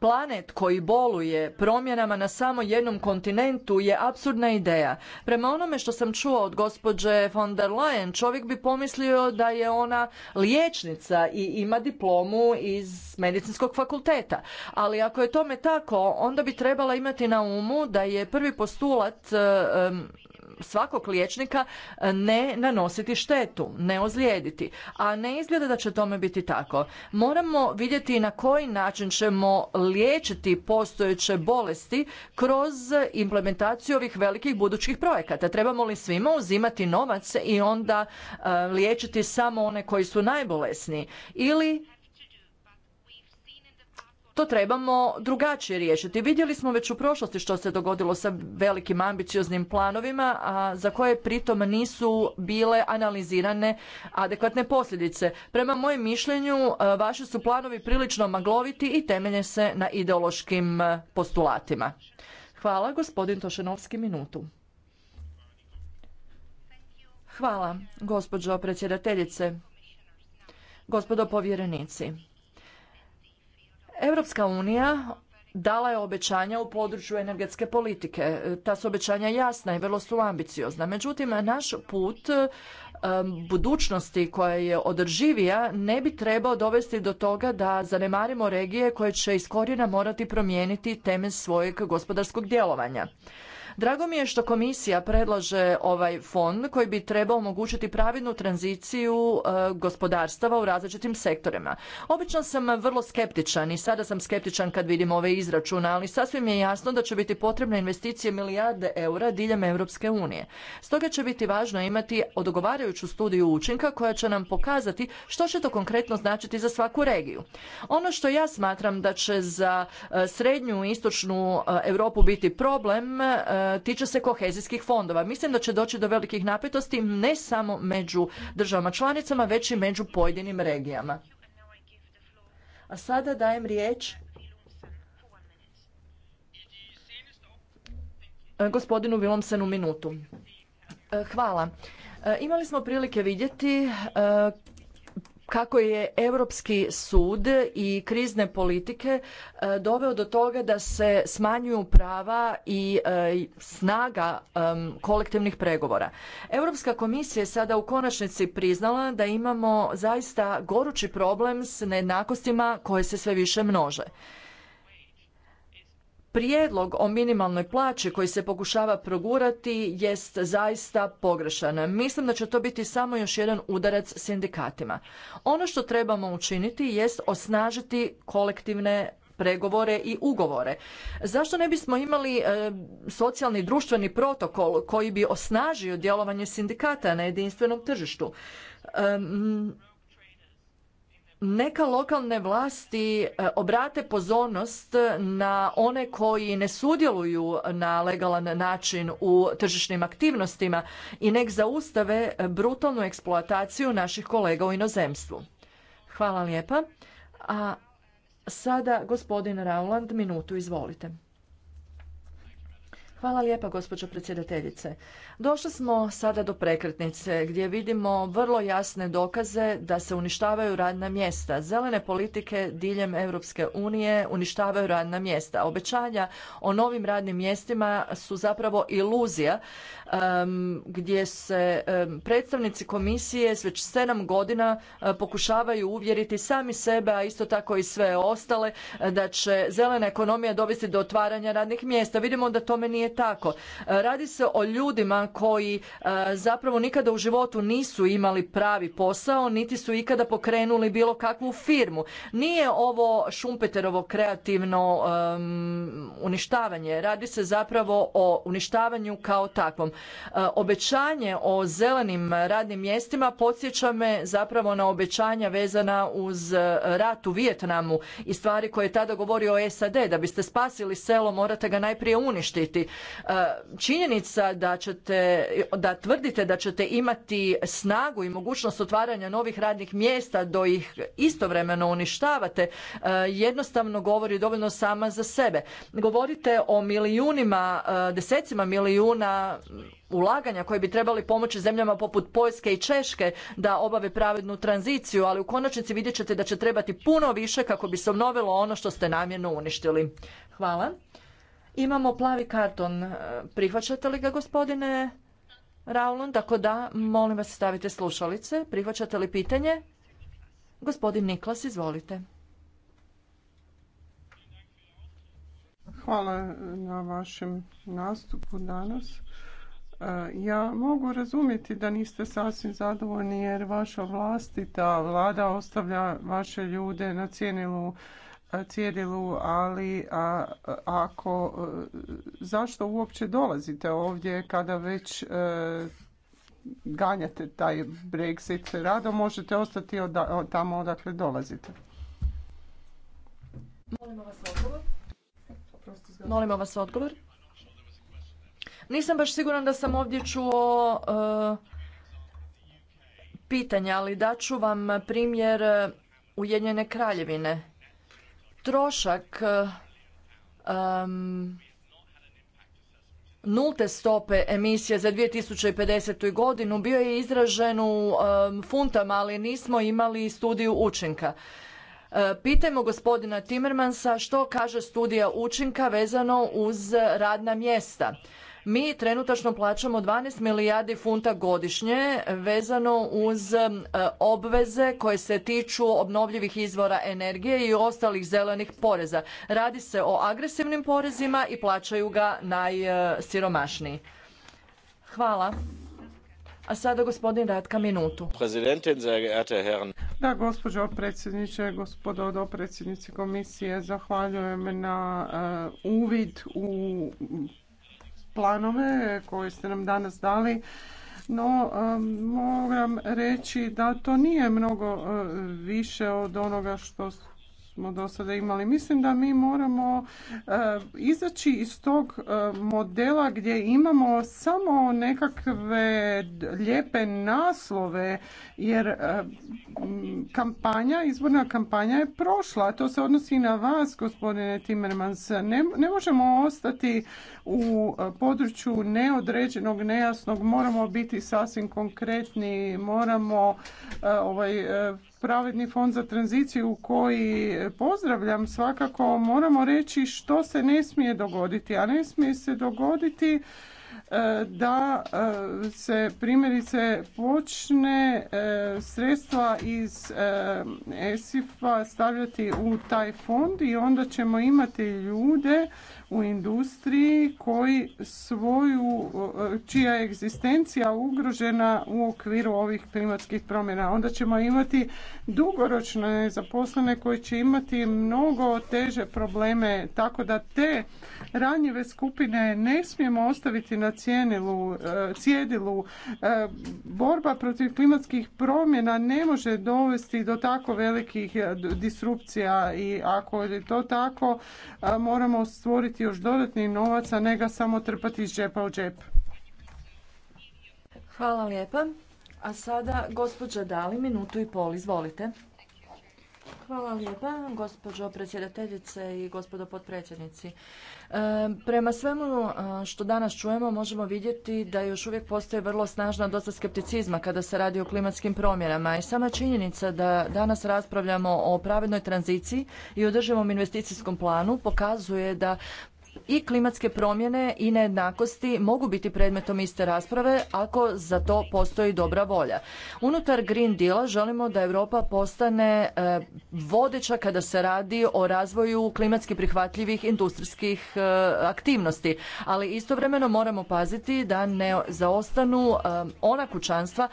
planet koji boluje promjenama na samo jednom kontinentu je apsurdna ideja. Prema onome što sam čuo od gospođe von der Leyen, čovjek bi pomislio da je ona liječnica i ima diplomu iz medicinskog fakulteta. Ali ako je tome tako, onda bi trebala imati na umu da je prvi postulat e, svakog liječnika e, ne nanositi štetu, ne ozlijediti. A ne izgleda da će tome biti tako. Moramo vidjeti na koji način ćemo liječiti postojeće bolesti kroz implementaciju ovih velikih budućih projekata. Trebamo li svima uzimati novac i onda e, liječiti samo one koji su najbolesniji ili to trebamo drugačije riješiti. Vidjeli smo već u prošlosti što se dogodilo sa velikim ambicioznim planovima, a za koje pritom nisu bile analizirane adekvatne posljedice. Prema mojem mišljenju, e, vaši su planovi prilično magloviti i temelje se na ideološkim e, postulatima. Hvala, gospodin Tošenovski, minutu. Hvala, gospođo predsjedateljice, gospodo povjerenici. Europska unija dala je obećanja u području energetske politike. Ta su obećanja jasna i vrlo su ambiciozna. Međutim, naš put e, budućnosti koja je održivija ne bi trebao dovesti do toga da zanemarimo regije koje će iz korijena morati promijeniti temelj svojeg gospodarskog djelovanja. Drago mi je što komisija predlaže ovaj fond koji bi trebao omogućiti pravidnu tranziciju e, gospodarstava u različitim sektorima. Obično sam vrlo skeptičan i sada sam skeptičan kad vidim ove izračune, ali sasvim je jasno da će biti potrebne investicije milijarde eura diljem Europske unije. Stoga će biti važno imati odgovarajuću studiju učinka koja će nam pokazati što će to konkretno značiti za svaku regiju. Ono što ja smatram da će za e, srednju i istočnu e, Europu biti problem tiče se kohezijskih fondova. Mislim da će doći do velikih napetosti ne samo među državama članicama, već i među pojedinim regijama. A sada dajem riječ e, gospodinu Vilomsenu minutu. E, hvala. E, imali smo prilike vidjeti kako je Europski sud i krizne politike e, doveo do toga da se smanjuju prava i e, snaga kolektivnih pregovora. Europska komisija je sada u konačnici priznala da imamo zaista gorući problem s nejednakostima koje se sve više množe. Prijedlog o minimalnoj plaći koji se pokušava progurati jest zaista pogrešan. Mislim da će to biti samo još jedan udarac sindikatima. Ono što trebamo učiniti jest osnažiti kolektivne pregovore i ugovore. Zašto ne bismo imali e, socijalni društveni protokol koji bi osnažio djelovanje sindikata na jedinstvenom tržištu? neka lokalne vlasti e, obrate pozornost na one koji ne sudjeluju na legalan način u tržišnim aktivnostima i nek zaustave brutalnu eksploataciju naših kolega u inozemstvu. Hvala lijepa. A sada gospodin Rauland, minutu izvolite. Hvala lijepa, gospođo predsjedateljice. Došli smo sada do prekretnice gdje vidimo vrlo jasne dokaze da se uništavaju radna mjesta. Zelene politike diljem Europske unije uništavaju radna mjesta. Obećanja o novim radnim mjestima su zapravo iluzija gdje se predstavnici komisije s već sedam godina e, pokušavaju uvjeriti sami sebe, a isto tako i sve ostale, e, da će zelena ekonomija dovesti do otvaranja radnih mjesta. Vidimo da tome nije tako. E, radi se o ljudima koji e, zapravo nikada u životu nisu imali pravi posao, niti su ikada pokrenuli bilo kakvu firmu. Nije ovo Šumpeterovo kreativno uništavanje. Radi se zapravo o uništavanju kao takvom. E, obećanje o zelenim radnim mjestima podsjeća me zapravo na obećanja vezana uz rat u Vijetnamu i stvari koje je tada govorio SAD. Da biste spasili selo morate ga najprije uništiti. E, činjenica da, ćete, da tvrdite da ćete imati snagu i mogućnost otvaranja novih radnih mjesta do ih istovremeno uništavate e, jednostavno govori dovoljno sama za sebe. Govorite o milijunima, e, desecima milijuna ulaganja koje bi trebali pomoći zemljama poput Poljske i Češke da obave pravednu tranziciju, ali u konačnici vidjet ćete da će trebati puno više kako bi se obnovilo ono što ste namjerno uništili. Hvala. Imamo plavi karton. E, prihvaćate li ga, gospodine Raulund? Ako da, molim vas stavite slušalice. Prihvaćate li pitanje? Gospodin Niklas, izvolite. Hvala na vašem nastupu danas. E, ja mogu razumjeti da niste sasvim zadovoljni jer vaša vlastita vlada ostavlja vaše ljude na cijenilu Cjerilu, ali a, ako e, zašto uopće dolazite ovdje kada već e, ganjate taj Brexit? Rado možete ostati tamo odakle dolazite. Molimo vas odgovor. odgovor. Nisam baš siguran da sam ovdje čuo e, pitanje, ali daću vam primjer Ujedinjene kraljevine trošak eh, nulte stope emisije za 2050. godinu bio je izražen u funtama, ali nismo imali studiju učinka. Eh, pitajmo gospodina Timmermansa što kaže studija učinka vezano uz radna mjesta. Mi trenutačno plaćamo 12 milijardi funta godišnje vezano uz e, obveze koje se tiču obnovljivih izvora energije i ostalih zelenih poreza. Radi se o agresivnim porezima i plaćaju ga najsiromašniji. Hvala. A sada gospodin Ratka minutu. Da, gospođo predsjedniče, gospodo dopredsjednici komisije, zahvaljujem na e, uvid u planove koje ste nam danas dali no moram reći da to nije mnogo eh, više od onoga što smo do sada imali. Mislim da mi moramo e, izaći iz tog e, modela gdje imamo samo nekakve lijepe naslove jer e, kampanja, izborna kampanja je prošla. To se odnosi i na vas, gospodine Timmermans. Ne, ne možemo ostati u području neodređenog, nejasnog. Moramo biti sasvim konkretni, moramo ovaj pravedni fond za tranziciju koji pozdravljam svakako moramo reći što se ne smije dogoditi, a ne smije se dogoditi e, da e, se primjerice počne e, sredstva iz ESIF-a stavljati u taj fond i onda ćemo imati ljude u industriji koji svoju, čija je egzistencija ugrožena u okviru ovih klimatskih promjena. Onda ćemo imati dugoročne zaposlene koji će imati mnogo teže probleme, tako da te ranjive skupine ne smijemo ostaviti na cijenilu, eh, cjedilu. Eh, borba protiv klimatskih promjena ne može dovesti do tako velikih eh, disrupcija i ako je to tako moramo stvoriti još dodatni novac, a ne ga samo trpati iz džepa u džep. Hvala lijepa. A sada gospođa Dali, minutu i pol, izvolite. Hvala lijepa, gospođo predsjedateljice i gospodo podpredsjednici. E, prema svemu e, što danas čujemo možemo vidjeti da još uvijek postoji vrlo snažna dosta skepticizma kada se radi o klimatskim promjenama i sama činjenica da danas raspravljamo o pravednoj tranziciji i održivom investicijskom planu pokazuje da i klimatske promjene i nejednakosti mogu biti predmetom iste rasprave ako za to postoji dobra volja. Unutar Green Deala želimo da Europa postane e, vodeća kada se radi o razvoju klimatski prihvatljivih industrijskih e, aktivnosti, ali istovremeno moramo paziti da ne zaostanu e, ona kućanstva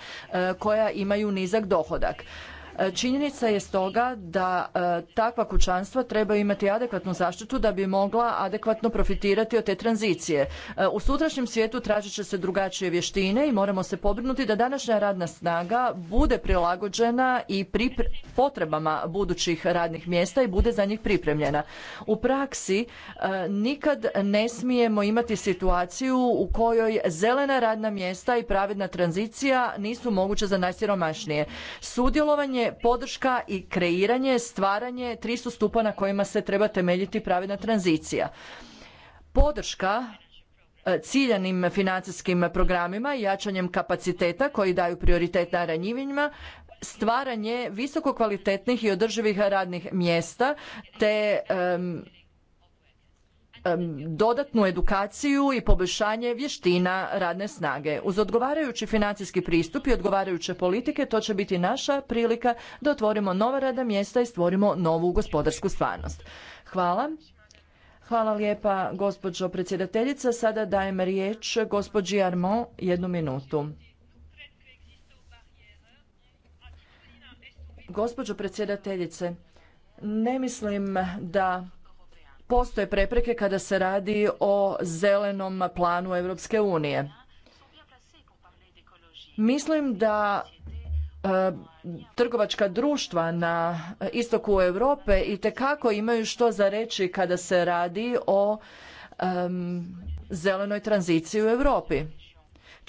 koja imaju nizak dohodak. E, činjenica je stoga da e, takva kućanstva trebaju imati adekvatnu zaštitu da bi mogla adekvatno profitirati od te tranzicije. E, u sutrašnjem svijetu tražit će se drugačije vještine i moramo se pobrinuti da današnja radna snaga bude prilagođena i potrebama budućih radnih mjesta i bude za njih pripremljena. U praksi nikad ne smijemo imati situaciju u kojoj zelena radna mjesta i pravedna tranzicija nisu moguće za najsiromašnije. Sudjelovanje podrška i kreiranje, stvaranje tri su stupa na kojima se treba temeljiti pravedna tranzicija. Podrška e, ciljanim financijskim programima, i jačanjem kapaciteta koji daju prioritet na ranjivima, stvaranje visokokvalitetnih i održivih radnih mjesta te dodatnu edukaciju i poboljšanje vještina radne snage. Uz odgovarajući financijski pristup i odgovarajuće politike to će biti naša prilika da otvorimo nova radna mjesta i stvorimo novu gospodarsku stvarnost. Hvala. Hvala lijepa gospođo predsjedateljica. Sada dajem riječ gospođi Armand jednu minutu. Gospođo predsjedateljice, ne mislim da postoje prepreke kada se radi o zelenom planu Europske unije. Mislim da e, trgovačka društva na istoku Europe i tekako imaju što za reći kada se radi o zelenoj tranziciji u Europi.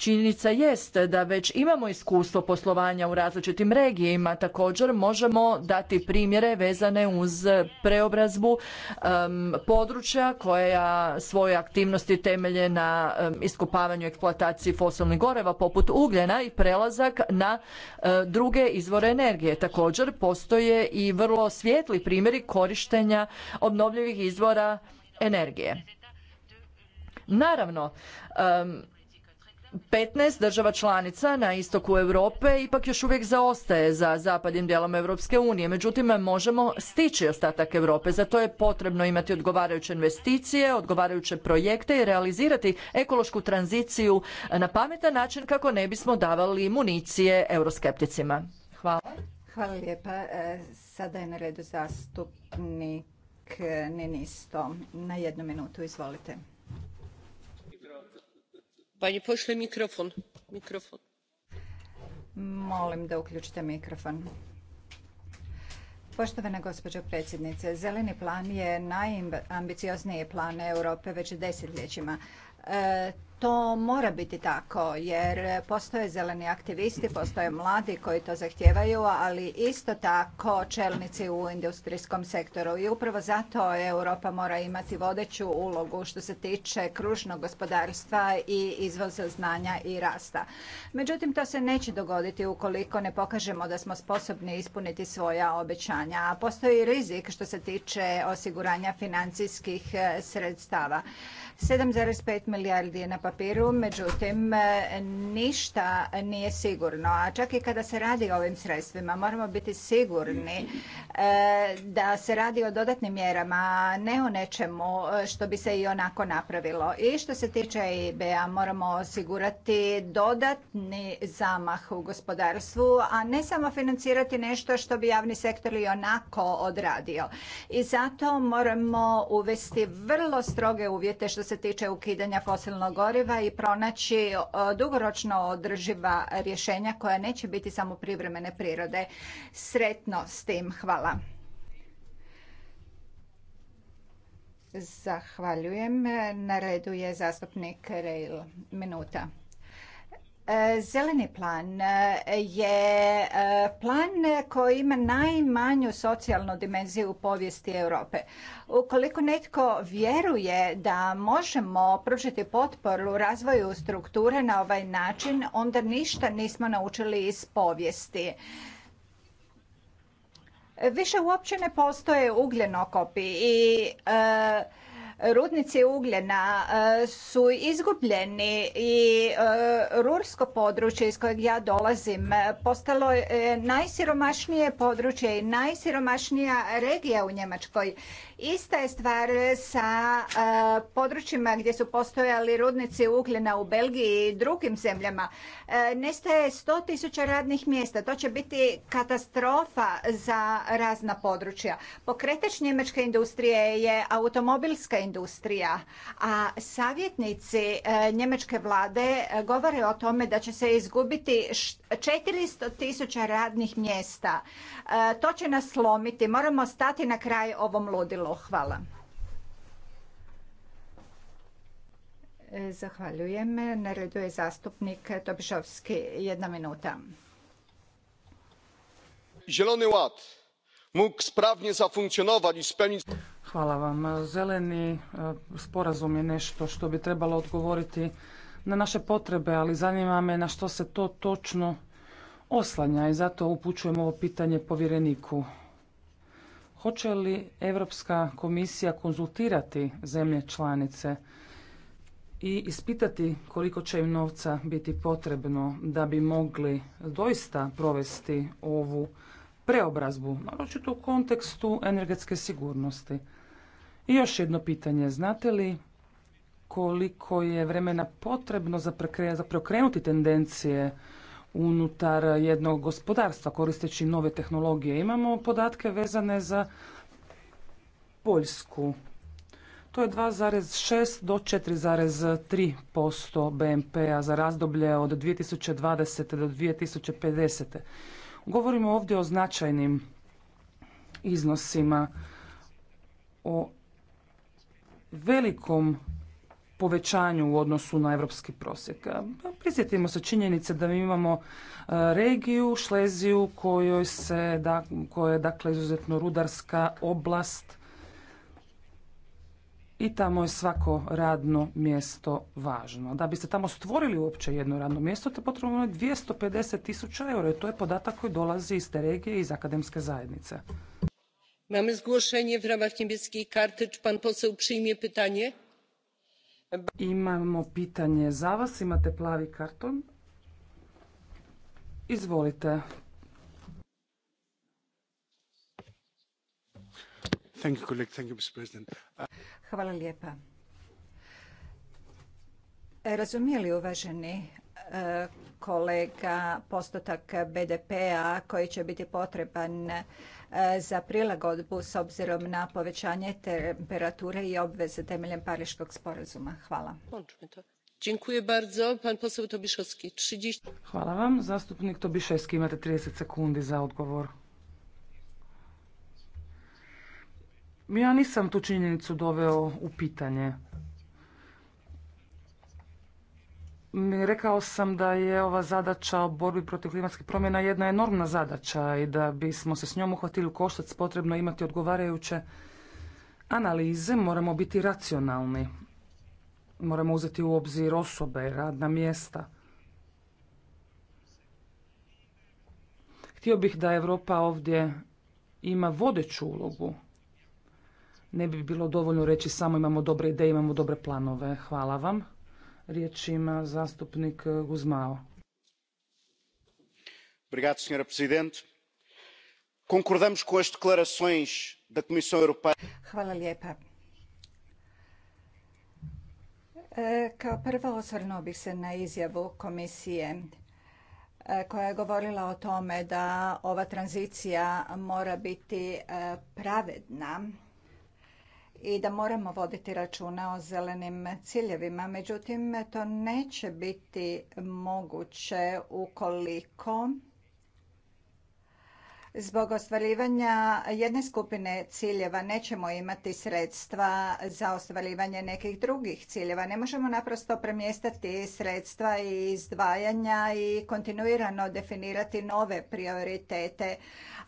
Činjenica jest da već imamo iskustvo poslovanja u različitim regijima, također možemo dati primjere vezane uz preobrazbu područja koja svoje aktivnosti temelje na iskupavanju iskopavanju i eksploataciji fosilnih goreva poput ugljena i prelazak na e, druge izvore energije. Također postoje i vrlo svijetli primjeri korištenja obnovljivih izvora energije. Naravno, 15 država članica na istoku Europe ipak još uvijek zaostaje za zapadnim dijelom Europske unije. Međutim, možemo stići ostatak Europe. Za to je potrebno imati odgovarajuće investicije, odgovarajuće projekte i realizirati ekološku tranziciju na pametan način kako ne bismo davali municije euroskepticima. Hvala. lijepa. E, sada je na redu zastupnik Ninisto. Na jednu minutu, izvolite. Mikrofon. Mikrofon. Molim da uključite mikrofon. Poštovana gospođo predsjednice, zeleni plan je najambiciozniji plan Europe već desetljećima. E, to mora biti tako jer postoje zeleni aktivisti, postoje mladi koji to zahtijevaju, ali isto tako čelnici u industrijskom sektoru i upravo zato Europa mora imati vodeću ulogu što se tiče kružnog gospodarstva i izvoza znanja i rasta. Međutim, to se neće dogoditi ukoliko ne pokažemo da smo sposobni ispuniti svoja obećanja, a postoji rizik što se tiče osiguranja financijskih eh, sredstava. 7,5 milijardi je na papiru, međutim ništa nije sigurno. A čak i kada se radi o ovim sredstvima moramo biti sigurni e, da se radi o dodatnim mjerama, ne o nečemu što bi se i onako napravilo. I što se tiče e IBA, moramo osigurati dodatni zamah u gospodarstvu, a ne samo financirati nešto što bi javni sektor i onako odradio. I zato moramo uvesti vrlo stroge uvjete što se tiče ukidanja fosilnog goriva goriva i pronaći e, dugoročno održiva rješenja koja neće biti samo privremene prirode. Sretno s tim. Hvala. Zahvaljujem. Na redu je zastupnik Rejl. Minuta. E, zeleni plan e, je e, plan koji ima najmanju socijalnu dimenziju u povijesti Europe. Ukoliko netko vjeruje da možemo pružiti potporu razvoju strukture na ovaj način, onda ništa nismo naučili iz povijesti. Više uopće ne postoje ugljenokopi i Rudnici ugljena e, su izgubljeni i e, rursko područje iz kojeg ja dolazim e, postalo je najsiromašnije područje i najsiromašnija regija u Njemačkoj Ista je stvar sa e, područjima gdje su postojali rudnici ugljena u Belgiji i drugim zemljama. E, nestaje 100 tisuća radnih mjesta. To će biti katastrofa za razna područja. Pokretač njemačke industrije je automobilska industrija, a savjetnici e, njemačke vlade govore o tome da će se izgubiti 400 tisuća radnih mjesta. E, to će nas slomiti. Moramo stati na kraj ovom ludilu. Hvala. E, zahvaljujem. Na redu je zastupnik Tobišovski. Jedna minuta. Zielony ład mógł sprawnie zafunkcjonować i spełnić... Hvala vam. Zeleni e, sporazum je nešto što bi trebalo odgovoriti na naše potrebe, ali zanima me na što se to točno oslanja i zato upućujem ovo pitanje povjereniku. Hoće li Europska komisija konzultirati zemlje članice i ispitati koliko će im novca biti potrebno da bi mogli doista provesti ovu preobrazbu, naročito u kontekstu energetske sigurnosti. I još jedno pitanje, znate li koliko je vremena potrebno za preokrenuti tendencije unutar jednog gospodarstva koristeći nove tehnologije. Imamo podatke vezane za Poljsku. To je 2,6 do 4,3% BNP-a za razdoblje od 2020. do 2050. Govorimo ovdje o značajnim iznosima, o velikom povećanju u odnosu na evropski prosjek. Pa, prisjetimo se činjenice da mi imamo e, regiju, Šleziju, kojoj se, da, koja je dakle izuzetno rudarska oblast i tamo je svako radno mjesto važno. Da biste tamo stvorili uopće jedno radno mjesto, te potrebno je 250 tisuća eura. I to je podatak koji dolazi iz te regije i iz akademske zajednice. Mamy zgłoszenie w ramach niebieskiej karty. Czy pan poseł przyjmie pytanie? Imamo pitanje za vas, imate plavi karton. Izvolite. Hvala lijepa. Razumijeli uvaženi kolega postotak BDP-a koji će biti potreban e, za prilagodbu s obzirom na povećanje temperature i obveze temeljem Pariškog sporazuma. Hvala. Hvala vam. Zastupnik Tobiševski, imate 30 sekundi za odgovor. Ja nisam tu činjenicu doveo u pitanje. Rekao sam da je ova zadaća o borbi protiv klimatskih promjena jedna enormna zadaća i da bismo se s njom uhvatili u koštac potrebno imati odgovarajuće analize, moramo biti racionalni. Moramo uzeti u obzir osobe, radna mjesta. Htio bih da Europa ovdje ima vodeću ulogu. Ne bi bilo dovoljno reći samo imamo dobre ideje, imamo dobre planove. Hvala vam. Riječ ima zastupnik e, Guzmao. Obrigado, senhora presidente. Concordamos com as declarações da Comissão Europeia. Hvala lijepa. E, kao prvo osvrnuo bih se na izjavu komisije e, koja je govorila o tome da ova tranzicija mora biti pravedna i da moramo voditi računa o zelenim ciljevima. Međutim, to neće biti moguće ukoliko Zbog ostvarivanja jedne skupine ciljeva nećemo imati sredstva za ostvarivanje nekih drugih ciljeva. Ne možemo naprosto premjestati sredstva i izdvajanja i kontinuirano definirati nove prioritete,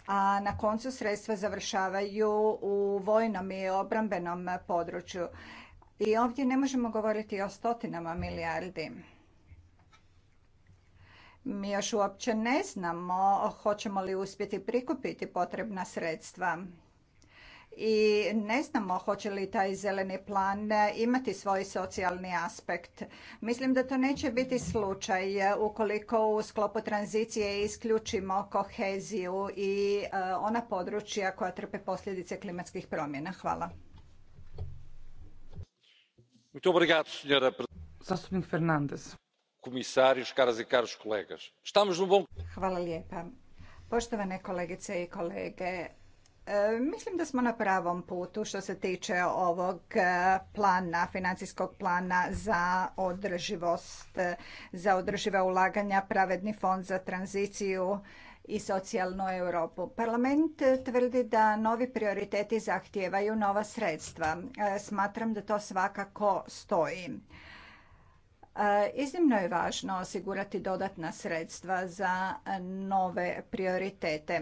a na koncu sredstva završavaju u vojnom i obrambenom području. I ovdje ne možemo govoriti o stotinama milijardi. Mi još uopće ne znamo hoćemo li uspjeti prikupiti potrebna sredstva i ne znamo hoće li taj zeleni plan imati svoj socijalni aspekt. Mislim da to neće biti slučaj ukoliko u sklopu tranzicije isključimo koheziju i e, ona područja koja trpe posljedice klimatskih promjena. Hvala. Zastupnik Fernandez. Hvala lijepa. Poštovane kolegice i kolege, e, Mislim da smo na pravom putu što se tiče ovog e, plana, financijskog plana za održivost, e, za održiva ulaganja, pravedni fond za tranziciju i socijalnu Europu. Parlament tvrdi da novi prioriteti zahtijevaju nova sredstva. Smatram da to svakako stoji. E, iznimno je važno osigurati dodatna sredstva za nove prioritete.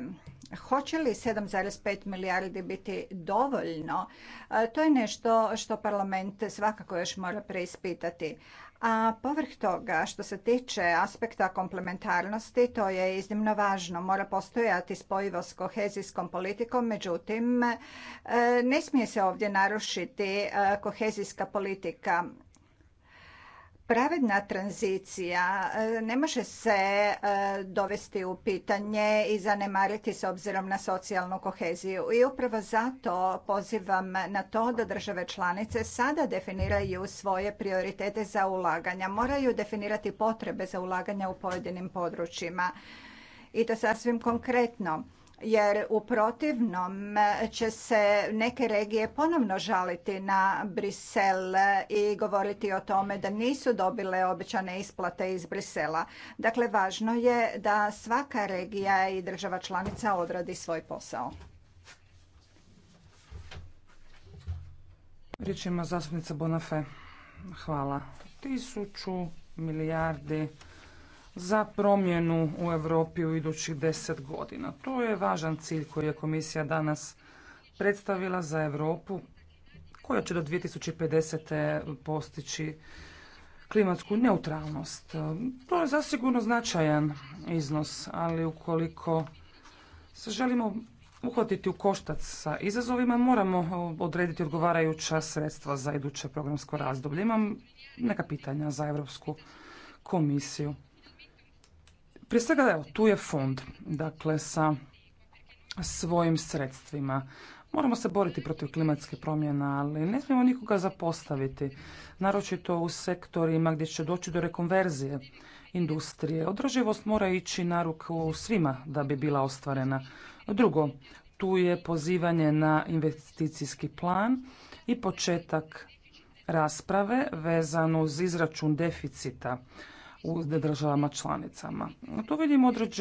Hoće li 7,5 milijardi biti dovoljno? E, to je nešto što parlament svakako još mora preispitati. A povrh toga, što se tiče aspekta komplementarnosti, to je iznimno važno. Mora postojati spojivo s kohezijskom politikom, međutim, e, ne smije se ovdje narušiti kohezijska politika pravedna tranzicija e, ne može se e, dovesti u pitanje i zanemariti s obzirom na socijalnu koheziju. I upravo zato pozivam na to da države članice sada definiraju svoje prioritete za ulaganja. Moraju definirati potrebe za ulaganja u pojedinim područjima i to sasvim konkretno jer u protivnom će se neke regije ponovno žaliti na Brisel i govoriti o tome da nisu dobile obećane isplate iz Brisela. Dakle, važno je da svaka regija i država članica odradi svoj posao. Riječ ima zastupnica Hvala. Tisuću milijardi za promjenu u Europi u idućih deset godina. To je važan cilj koji je komisija danas predstavila za Europu koja će do 2050. postići klimatsku neutralnost. To je zasigurno značajan iznos, ali ukoliko se želimo uhvatiti u koštac sa izazovima, moramo odrediti odgovarajuća sredstva za iduće programsko razdoblje. Imam neka pitanja za Europsku komisiju. Prije svega, evo, tu je fond, dakle, sa svojim sredstvima. Moramo se boriti protiv klimatske promjena, ali ne smijemo nikoga zapostaviti, naročito u sektorima gdje će doći do rekonverzije industrije. Održivost mora ići na ruku svima da bi bila ostvarena. Drugo, tu je pozivanje na investicijski plan i početak rasprave vezano uz izračun deficita u državama članicama. To vidim određen